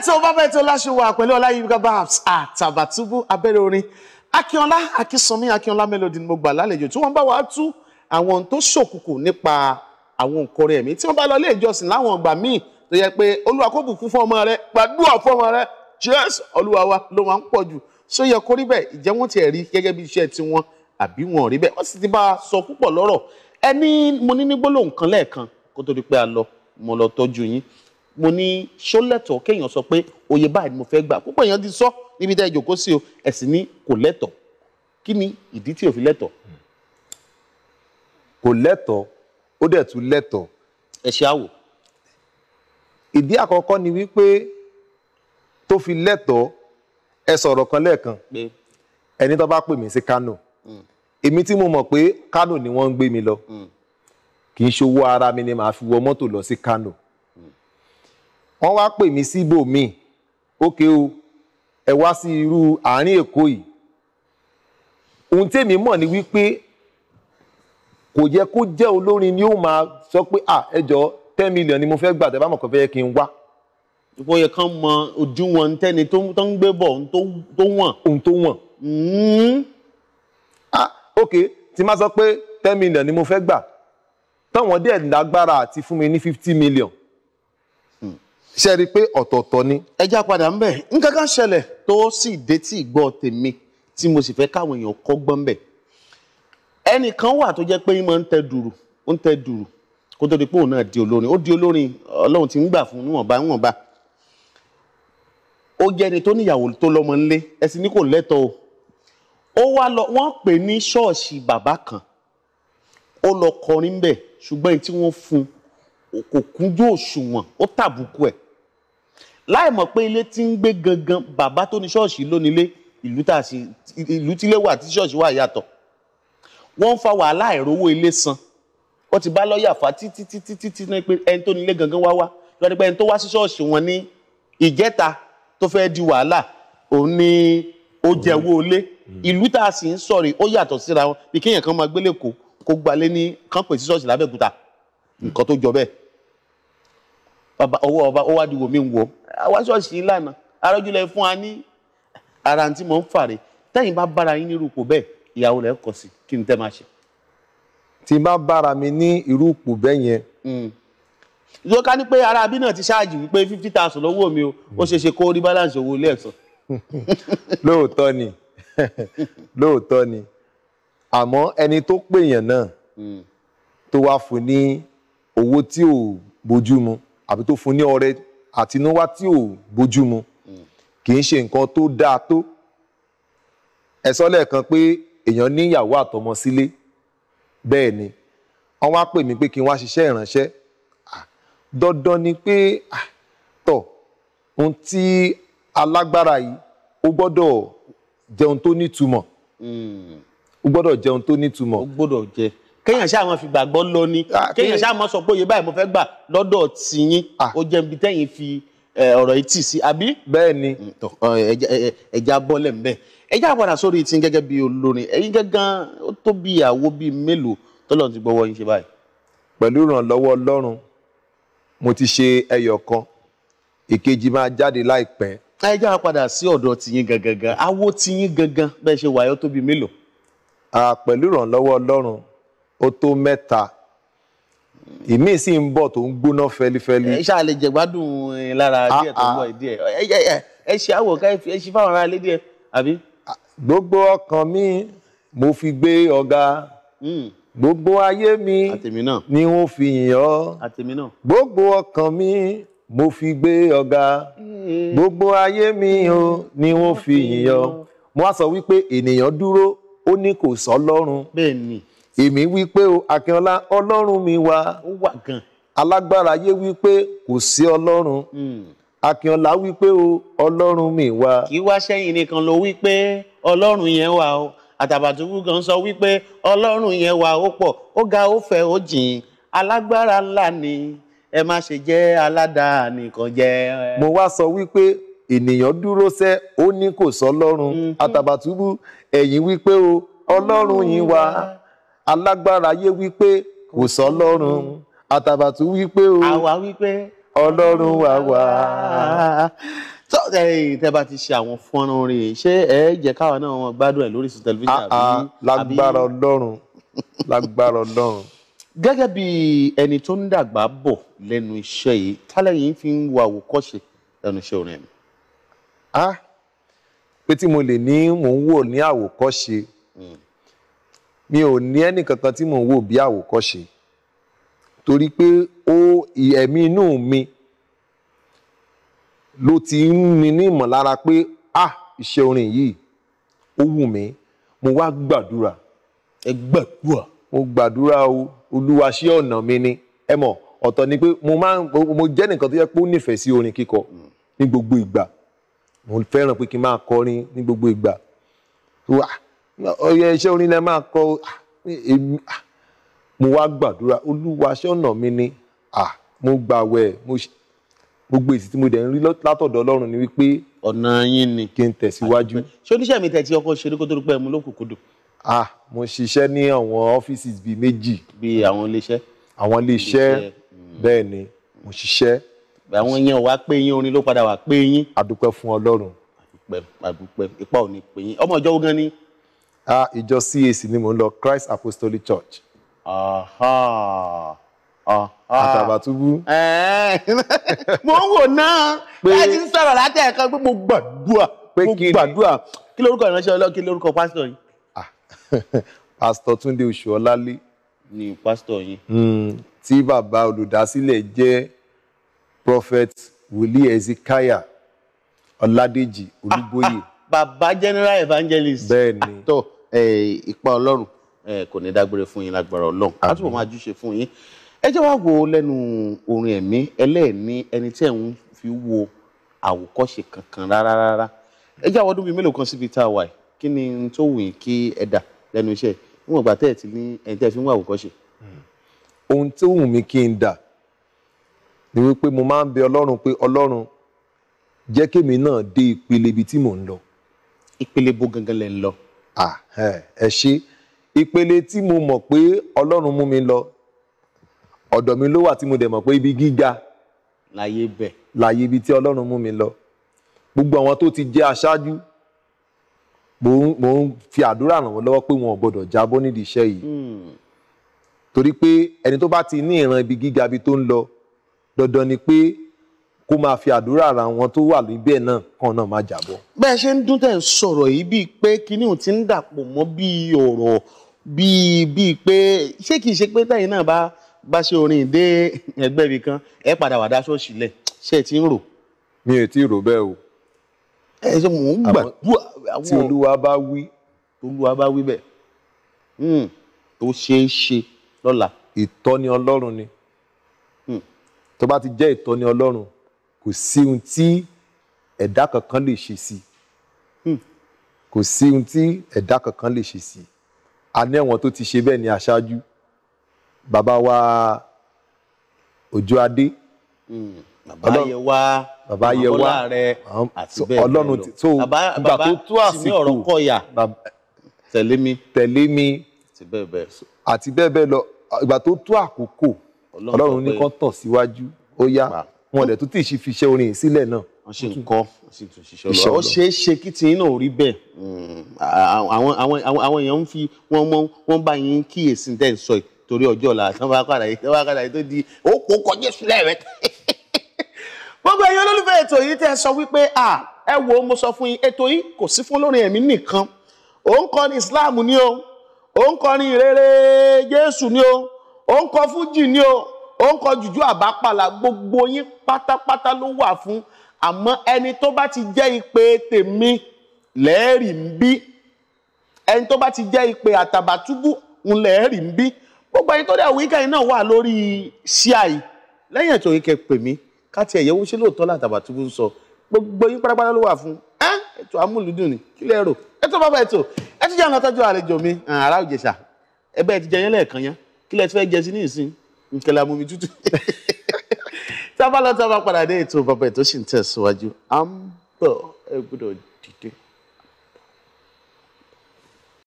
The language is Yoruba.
ètò bàbá ètò láṣẹwà pẹ̀lú ọláyíká babs àtàbàtúbú abẹ́rẹ́ orin akínọlá akínsánmi akínọlá melody ni mo gbà lálejò tí wọ́n bá wàá tú àwọn tó ṣòkùnkùn nípa àwọn nǹkan rẹ̀ tí wọ́n bá lọ ilé ìjọsìn láwọn ọgbà míì tó yẹ pé olúwa kó bùkún fún ọmọ rẹ gbàdúrà fún ọmọ rẹ jésù olúwa wa ló máa ń pọ̀ jù ṣó yẹ kó rí bẹ́ẹ̀ ìjẹ́ wọ́n ti rí gẹ́gẹ́ bí iṣẹ́ tiwọn àbí wọn rí bẹ́ẹ̀ wọ́n sì ti bá a sọ púpọ̀ lọ́rọ̀ ẹni mo ní ní gbólóhùn kan lẹ́ẹ̀kan kó tó di pé a lọ mo lọ tọ́jú yín mo ní ṣólẹ́tọ̀ kéèyàn sọ pé oye báyìí ni mo fẹ́ gbà púpọ̀ èèyàn ti sọ níbi tẹ́ ẹ jòkó sí o ẹ̀sìn ní kò lẹ́tọ̀ kí ni ìdí tí ò fi lẹ́tọ̀. kò lẹ́tọ̀ ó dẹ̀ tún lẹ́tọ̀. ẹ ṣe àwò. ìdí àkọ́kọ́ ni wípé tó fi lẹ́tọ̀ ẹ sọ̀rọ̀ kan lẹ́ẹ̀kan ẹni tó bá pè mí sí Kánò hmm. èmi tí mo mọ̀ pé Kánò ni wọ́n ń gbé mi lọ hmm. kì í ṣowó ara mi ni màá fi wọ mọ́tò lọ sí Kánò. Mm wọ́n wá pè mí síbòmíì ókè o ẹ wá sí irú àárín èkó yìí ohun tèmi mọ̀ ni wípé kò yẹ kó jẹ́ olórin ni ó máa sọ pé à ẹ jọ ten million ni mo fẹ́ gbà tẹ́ bá mọ̀ kọ́ fẹ́ yẹ kí n wá. ó yẹ kán mọ òdiwọ̀n ń tó ń gbé bọ̀ tó wọ̀n. ohun tó wọ̀n. ah hmm. ok tí má sọ pé ten million ni mo fẹ́ gbà táwọn díẹ̀ lágbára àti fún mi ní fifty million ṣe rí i pé ọ̀tọ̀ọ̀tọ̀ ni. ẹ já padà ń bẹ̀ nǹkan kan ṣẹlẹ̀ tó sì dé tí ìgbọ́ tèmi tí mo sì fẹ́ káwọn èèyàn kọ́ gbọ́n ń bẹ̀. ẹnìkan wà tó jẹ́ pé ń máa ń tẹ dùrù ń tẹ dùrù kó tó di pé òun náà di olórin ó di olórin ọlọ́run ti ń gbà fún níwọ̀nba níwọ̀nba. ó jẹ́ ẹni tó níyàwó tó lọ́mọ ńlé ẹ̀sìn ní kò lẹ́tọ̀ọ́ ó wá lọ wọ́n pè ní ṣọ́ọ̀ṣì bàbá kan ó lọ kọrin bẹ̀ ṣùgbọ́n tí wọ́n fún un kò kúnjú òṣùwọ̀n ó tàbùkù ẹ̀ láì mọ̀ pé ilé tí ń gbé gangan bàbá tó ní ṣọ́ọ̀ṣì lónílé ìlú tílé wà tí ṣọ́ọ̀ṣì wà yàtọ̀ wọ́n ń fa wàhálà ìrówó ilé san wọ́n ti bá lọ́ọ̀yà fà títí títí títí náà pé ẹni tó nílé gangan wá wá lọ́dún pé ẹni tó wá sí ṣọ́ọ̀ṣì wọn ní ìjẹta tó fẹ́ di wàhálà òun ni ó jẹ́wọ́ ilé ìlú tá a sì ń sọ̀rọ̀ ó yàtọ̀ síra wọn bí kéèyàn kan máa gbélé kó kó gbalé ní kán pè sí ṣọ́ọ̀ṣì lábẹ́òkúta nǹkan tó jọ bẹ́ẹ̀ ọba ọwọ́ ọba ó wá di wòmí wọ àwa ṣọ́ọ̀ṣì ìlànà arájúlẹ̀ fún wa ní ara tí mò ń fàre tẹ́yìn bá bára yín nírú ipò bẹ́ẹ̀ ìyàwó rẹ̀ kọ̀ sí kí n tẹ́ máa ṣe. tí n bá bára mi ní irú bẹ́ẹ̀ yẹn. ìṣòro hmm. ká ní pé ara bí náà ti ṣáàjì wípé fifty thousand lọ́wọ́ mi o ó ṣeé ṣe kó rí balance owó ilé ẹ̀sán. lóòótọ́ ni lóòótọ́ ni àmọ́ ẹni tó pèèyàn náà hmm. tó wá fún ní owó tí ò bójú mu. Mm àbí tó fún ní ọrẹ àtinúwá tí ò bójú mu kì í ṣe nǹkan tó dáa tó ẹ sọ lẹ́ẹ̀kan pé èèyàn ní ìyàwó àtọmọ sílé bẹ́ẹ̀ ni wọ́n wá pè mí pé kí n wá ṣiṣẹ́ ìránṣẹ́ dandan ni pé tọ ohun tí alágbára yìí ó gbọ́dọ̀ jẹun tó nítumọ̀ ó hmm. gbọ́dọ̀ jẹun tó nítumọ̀ ó gbọ́dọ̀ jẹ kéèyàn ṣáà máa fi gbàgbọ́ lọ ni ah, kéèyàn ṣáà máa sọ pé òye báyìí mo fẹ́ gbà lọ́dọ̀ tiyín ah. ó jẹ́ ibi tẹ́yìn fi ọ̀rọ̀ yìí tì sí àbí. bẹ́ẹ̀ ni mm, ẹja bọ́lẹ̀ mbẹ́ ẹja padà sórí ti gẹ́gẹ́ bí olórin ẹ̀yin gángan ó tó bí àwo bíi mélòó tọ́lọ́run ti gbọ́wọ́ yín ṣe báyìí. pẹ̀lú ìrànlọ́wọ́ ọlọ́run mo ti ṣe ẹyọ kan ìkejì máa jáde láìpẹ́. ẹja padà sí ọ̀dọ̀ tiyín gangan àwo tiyín gangan bẹ́ẹ̀ ṣe wàyọ́ tó bíi mélòó. Ah, pẹ̀lú ìrànlọ́wọ́ ọlọ́run ó tó mẹ́ta ìmíì sì ń bọ̀ tó ń gbóná fẹlifẹli. ẹ ṣáà lè jẹ̀gbádùn lára ah, díẹ̀ tó ń bọ̀ ah. díẹ̀ ẹ ṣe àwọ̀ ká ẹ ṣe fáwọn aráalé díẹ̀ àbí. Ah, gbogbo ọkàn mi mo fi gbé ọ̀gá hmm. gbogbo ayé mi ni wọ́n fi yìn ọ́ gbogbo ọkàn mi mo fi gbé ọ̀gá hmm. gbogbo ayé mi ni wọ́n fi yìn ọ́ hmm. mo wá sọ wípé ènìyàn dúró ó ní kò sọ lọ́rùn. bẹ́ẹ̀ èmi wí pé o akínọlá ọlọ́run mi wá alágbára ayé wí pé kò sí ọlọ́run hmm. akínọlá wí pé o ọlọ́run mi wá. kì í wá sẹ́yìn nìkan ló wí pé ọlọ́run yẹn wà o àtàbàtúbú gan sọ wí pé ọlọ́run yẹn wà ó pọ̀ ó ga ó fẹ̀ ó jìn alágbára ńlá ni ẹ má ṣe jẹ́ aládàá nìkan jẹ́. mo wá sọ wípé ènìyàn dúró sẹ́ ó ní kò sọ ọlọ́run hmm. àtàbàtúbú ẹ̀yin wípé o ọlọ́run yìí wá. Mm -hmm alágbára ayé wípé kò sọ ọlọ́run àtàbàtú wípé o àwa wípé ọlọ́run wà wá. tó tẹ́ bá ti ṣe àwọn fọ́nrán orin yìí ṣé ẹ jẹ́ káwa náà wọn gbádùn ẹ̀ lórí Orísun tẹlifíṣàn ah, ah, àbí. lágbára ọlọ́run lágbára ọlọ́run. gẹ́gẹ́ bí ẹni tó ń dàgbà bọ̀ lẹ́nu iṣẹ́ yìí tálẹ́yìn fi ń wo àwòkọ́ṣe lẹ́nu iṣẹ́ orin mi. Ah, pé tí mo lè ní mò ń wò ní àwòkọ́ṣe hmm mi ò ní ẹnì kankan tí mò ń wò bí àwòkọ́ṣe torí pé ó ẹ̀mí inú mi ló ti ń ni ní ìmọ̀lára pé ah iṣẹ́ orin yìí ó wù mí mo wá gbàdúrà ẹ gbàdúrà mo gbàdúrà o olúwa ọ̀nà mi ni ẹ mọ̀ ọ̀tọ̀ ni pé mo máa ń mo jẹ́ nìkan tó yẹ pé ó nífẹ̀ẹ́ sí orin kíkọ ní gbogbo ìgbà mo fẹ́ràn pé kí n máa kọrin ní gbogbo ìgbà ọyọ iṣẹ́ orin lẹ máa kọ ah, ah, mo wá gbàdúrà olúwa ṣọ́nà mi ni ah, mo gbàwẹ̀ mo gbogbo èsì tí mo dẹ̀ ń rí látọ̀dọ̀ ọlọ́run ni wípé ọ̀nà yín ni kí n tẹ̀síwájú. ṣé oníṣẹ́ mi tẹ̀ tí ọkọ ṣeré kó tó dúpẹ́ mu lókùnkúndùn. ah mo ṣiṣẹ́ ní àwọn ọ́fíìsì bíi méjì. bíi àwọn iléeṣẹ́. àwọn iléeṣẹ́ hmm. bẹ́ẹ̀ ni mo ṣiṣẹ́. àwọn yẹn wàá pé yín orin ló padà wàá pé yín. àdúpẹ́ fún ọlọ́run. àdúpẹ́ àdúpẹ́ ipa ò ní pé yín ọmọ ìjọ ah ìjọ CAC ni mò ń lọ Christ Apostolic Church. Àtàbàtúbú. Mo ń wò náà pé ẹ ti ń sọ̀rọ̀ látẹ̀ẹ̀kan pé mo gbàdúrà mo gbàdúrà kí lórúkọ ìránṣẹ́ ọlọ́run kí lórúkọ pásítọ̀ yìí. Ah. Pásítọ̀ Túndé Oṣùọlálé. Ni pásítọ̀ yìí. Hmm. Tí bàbá olùdásílẹ̀ jẹ́ Prophet Wòlíì Ezekiah Ọládèjì Olúbóyè. Ah, ah. Bàbá General Evangelist. Bẹ́ẹ̀ni. Tó ipa ọlọ́run kò ní dágbére fún yín lágbára ọlọ́run á túbọ̀ máa júṣe fún yín ẹ jẹ́ wá wo lẹ́nu orin ẹ̀mí ẹlẹ́ẹ̀ni ẹni tí ẹ̀ ń fi wo àwòkọ́ṣe kankan rárá rárá ẹ jẹ́ àwọn ọdún bíi mélòó kan síbi tá a wà yìí kí ni tó wù yín kí ẹ dà lẹ́nu iṣẹ́ níwọ̀n ìgbà tẹ́ ẹ̀ ti ní ẹni tẹ́ ẹ fi ń wá àwòkọ́ṣe. ohun tó wù mí kí n dà ni wípé mo máa ń bẹ ọlọ́run pé ọlọ́run jẹ́ kémi náà dé ìpele ibi tí mò ń lọ. ìpele bó gangan lẹ ń lọ ẹ ṣe ìpele tí mo mọ̀ pé ọlọ́run mú mi lọ ọ̀dọ̀ mi ló wà tí mo dẹ̀ mọ̀ pé ibi gíga láyé bẹ̀ láyé ibi tí ọlọ́run mú mi lọ gbogbo àwọn tó ti jẹ́ aṣáájú mo ń mo ń fi àdúrà ràn wọ́n lọ́wọ́ pé wọn ò gbọ́dọ̀ jábọ́ nídìí iṣẹ́ yìí hmm. torí pé ẹni tó bá ti ní ìran ibi gíga ibi tó ń lọ dandan ni pé kó máa fi àdúrà ara wọn tó wà níbẹ̀ náà kan náà máa jábọ́. a ṣe ń dún tẹ̀ ń sọ̀rọ̀ yìí bíi pé kinní ò ti ń dàpọ̀ mọ́ bíi ọ̀rọ̀ bíi bíi pé ṣé kìí ṣe pé tẹ̀yin náà bá bá ṣe orin dé ẹgbẹ́ ibì kan ẹ padà wà dá ṣọ́ọ̀ṣì ṣé ẹ ti ń rò. mi ò tí ì rò bẹ́ẹ̀ o. ẹ ṣe mò ń gbàdúrà àwọn tí olúwa bá wí olúwa bá wí bẹ́ẹ̀ tó hmm, ṣeé ṣe lọ́la. ìtọ́ni ọlọ́run ni hmm. tó bá ti jẹ́ ìtọ́ni ọlọ́run kò sí ohun tí ẹ̀dá kankan lè ṣe sí hmm. kò sí ohun tí ẹ̀dá kankan lè ṣe sí a ní tó ti ṣe bẹ́ẹ̀ ní aṣáájú bàbá wa Òjó Adé hmm. bàbá yẹ wá bàbá yẹ wá àti bẹ́ẹ̀ ọlọ́run tó gbà tó tó àsìkò ọ̀rọ̀ kọ̀yà tẹ̀lé mi tẹ̀lé mi àti bẹ́ẹ̀ bẹ́ẹ̀ lọ ìgbà tó tó àkókò ọlọ́run ní kán tàn síwájú ó yá wọn dẹ̀ tó tí ì fi iṣẹ́ orin sílẹ̀ náà. wọ́n ṣe ń kọ́ wọ́n sì tún ṣiṣẹ́ lọ. ó ṣeé ṣe kí tiyín náà rí bẹ́ẹ̀ hmm, àwọn èèyàn ń fi wọ́n mọ́ wọ́n bá yín kíyèsí dẹ́n sọ yìí torí ọjọ́ ọ̀la àtàwọn akọ́dà yìí tẹ́wọ́ akọ́dà yìí tó di òkú kọjá sílẹ̀ rẹ̀. gbogbo ẹ̀yin olólùfẹ́ ètò yìí tẹ́ sọ wípé à ẹ wo mo sọ fún yín ètò yìí kò sí fún olórin ẹ̀mí nìkan ò ń kọrin Islam ni o ò ń kọrin ìrere Jésù ni o ò ń kọ fújì ni o ó ń kọ jùjú àbápàlà gbogbo yín pátápátá ló wà fún àmọ́ ẹni tó bá ti jẹ́ ìpè tèmi lẹ́ẹ̀rì ń bí ẹni tó bá ti jẹ́ ìpè àtàbàtúbù ń lẹ́ẹ̀rì ń bí gbogbo ẹni tó dẹ̀ wíkẹ́yìn náà wà lórí ṣíà yìí lẹ́yìn ètò yìí kẹ́ pè mí káti ẹ̀yẹ́ wo ṣé lóòótọ́ làtàbàtúbù ń sọ gbogbo yín pátápátá ló wà fún ẹ́ ètò amúlùdùn ni kí lẹ́ rò ètò bàbá ètò ẹ ti jẹ́ àwọn tọ́jú àlejò mi ará Ìjẹ̀ṣà ẹbẹ́ ti jẹ yẹn lẹ́ẹ̀kan yẹn kí lẹ́ ti fẹ́ jẹ sí ní ìsìn nkẹlẹ amómi tútù tá a bá tá a bá padà dé ètò bàbá ètò sì ń tẹ̀síwájú à ń bọ̀ ẹ gbọ́dọ̀ dìde.